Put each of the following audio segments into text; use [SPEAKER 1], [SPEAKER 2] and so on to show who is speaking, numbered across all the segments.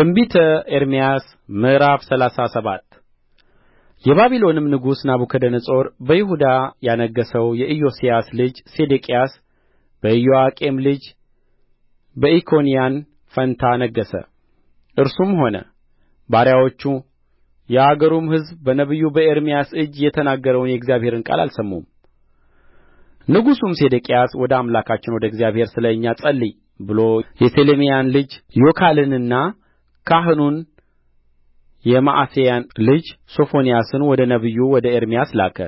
[SPEAKER 1] ትንቢተ ኤርምያስ ምዕራፍ ሰላሳ ሰባት የባቢሎንም ንጉሥ ናቡከደነፆር በይሁዳ ያነገሠው የኢዮስያስ ልጅ ሴዴቅያስ በኢዮአቄም ልጅ በኢኮንያን ፋንታ ነገሠ እርሱም ሆነ ባሪያዎቹ የአገሩም ሕዝብ በነቢዩ በኤርምያስ እጅ የተናገረውን የእግዚአብሔርን ቃል አልሰሙም ንጉሡም ሴዴቅያስ ወደ አምላካችን ወደ እግዚአብሔር ስለ እኛ ጸልይ ብሎ የሰሌምያን ልጅ ዮካልንና ካህኑን የመዕሤያን ልጅ ሶፎንያስን ወደ ነቢዩ ወደ ኤርምያስ ላከ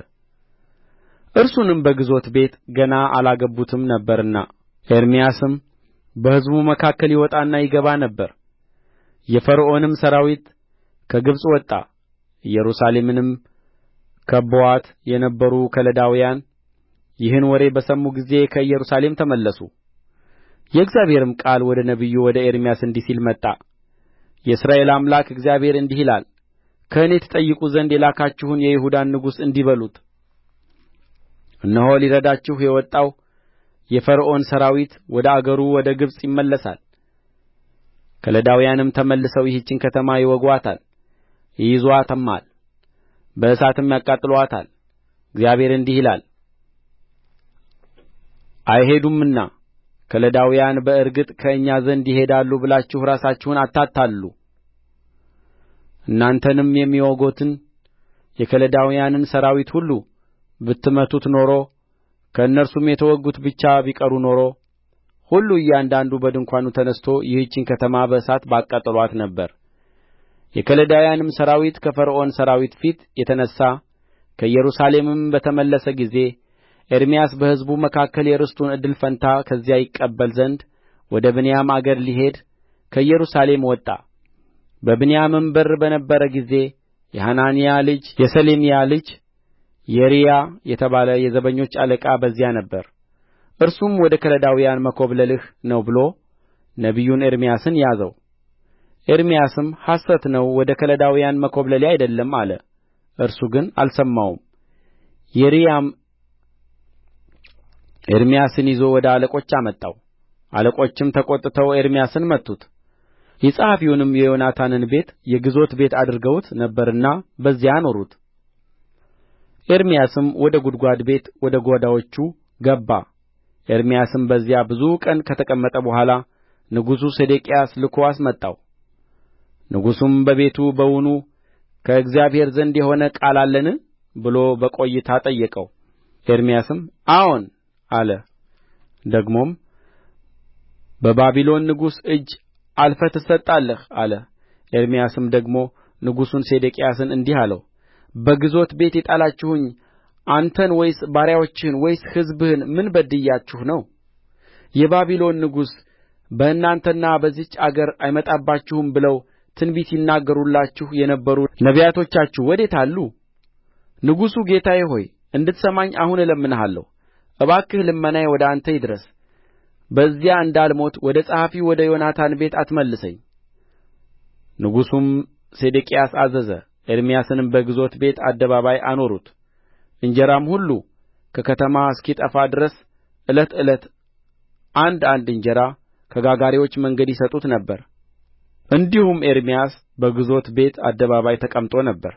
[SPEAKER 1] እርሱንም በግዞት ቤት ገና አላገቡትም ነበርና ኤርምያስም በሕዝቡ መካከል ይወጣና ይገባ ነበር የፈርዖንም ሠራዊት ከግብጽ ወጣ ኢየሩሳሌምንም ከብበዋት የነበሩ ከለዳውያን ይህን ወሬ በሰሙ ጊዜ ከኢየሩሳሌም ተመለሱ የእግዚአብሔርም ቃል ወደ ነቢዩ ወደ ኤርምያስ እንዲህ ሲል መጣ የእስራኤል አምላክ እግዚአብሔር እንዲህ ይላል ከእኔ ትጠይቁ ዘንድ የላካችሁን የይሁዳን ንጉሥ እንዲህ በሉት እነሆ ሊረዳችሁ የወጣው የፈርዖን ሠራዊት ወደ አገሩ ወደ ግብጽ ይመለሳል ከለዳውያንም ተመልሰው ይህችን ከተማ ይወጉአታል ይይዙአትማል በእሳትም ያቃጥሉአታል እግዚአብሔር እንዲህ ይላል አይሄዱምና ከለዳውያን በእርግጥ ከእኛ ዘንድ ይሄዳሉ ብላችሁ ራሳችሁን አታታልሉ እናንተንም የሚዋጉትን የከለዳውያንን ሠራዊት ሁሉ ብትመቱት ኖሮ ከእነርሱም የተወጉት ብቻ ቢቀሩ ኖሮ ሁሉ እያንዳንዱ በድንኳኑ ተነሥቶ ይህችን ከተማ በእሳት ባቃጠሉአት ነበር የከለዳውያንም ሠራዊት ከፈርዖን ሠራዊት ፊት የተነሣ ከኢየሩሳሌምም በተመለሰ ጊዜ ኤርምያስ በሕዝቡ መካከል የርስቱን እድል ፈንታ ከዚያ ይቀበል ዘንድ ወደ ብንያም አገር ሊሄድ ከኢየሩሳሌም ወጣ በብንያምም በር በነበረ ጊዜ የሐናንያ ልጅ የሰሌምያ ልጅ የሪያ የተባለ የዘበኞች አለቃ በዚያ ነበረ እርሱም ወደ ከለዳውያን መኰብለልህ ነው ብሎ ነቢዩን ኤርምያስን ያዘው ኤርምያስም ሐሰት ነው ወደ ከለዳውያን መኰብለሌ አይደለም አለ እርሱ ግን አልሰማውም የሪያም ኤርምያስን ይዞ ወደ አለቆች አመጣው አለቆችም ተቈጥተው ኤርምያስን መቱት የጸሐፊውንም የዮናታንን ቤት የግዞት ቤት አድርገውት ነበርና በዚያ አኖሩት ኤርምያስም ወደ ጕድጓድ ቤት ወደ ጓዳዎቹ ገባ ኤርምያስም በዚያ ብዙ ቀን ከተቀመጠ በኋላ ንጉሡ ሴዴቅያስ ልኮ አስመጣው ንጉሡም በቤቱ በውኑ ከእግዚአብሔር ዘንድ የሆነ ቃል አለን ብሎ በቈይታ ጠየቀው ኤርምያስም አዎን አለ ደግሞም በባቢሎን ንጉሥ እጅ አልፈህ ትሰጣለህ አለ ኤርምያስም ደግሞ ንጉሡን ሴዴቅያስን እንዲህ አለው በግዞት ቤት የጣላችሁኝ አንተን ወይስ ባሪያዎችህን ወይስ ሕዝብህን ምን በድያችሁ ነው የባቢሎን ንጉሥ በእናንተና በዚህች አገር አይመጣባችሁም ብለው ትንቢት ይናገሩላችሁ የነበሩ ነቢያቶቻችሁ ወዴት አሉ ንጉሡ ጌታዬ ሆይ እንድትሰማኝ አሁን እለምንሃለሁ እባክህ ልመናዬ ወደ አንተ ይድረስ በዚያ እንዳልሞት ወደ ጸሐፊው ወደ ዮናታን ቤት አትመልሰኝ ንጉሡም ሴዴቅያስ አዘዘ ኤርምያስንም በግዞት ቤት አደባባይ አኖሩት እንጀራም ሁሉ ከከተማ እስኪጠፋ ድረስ ዕለት ዕለት አንድ አንድ እንጀራ ከጋጋሪዎች መንገድ ይሰጡት ነበር እንዲሁም ኤርምያስ በግዞት ቤት አደባባይ ተቀምጦ ነበር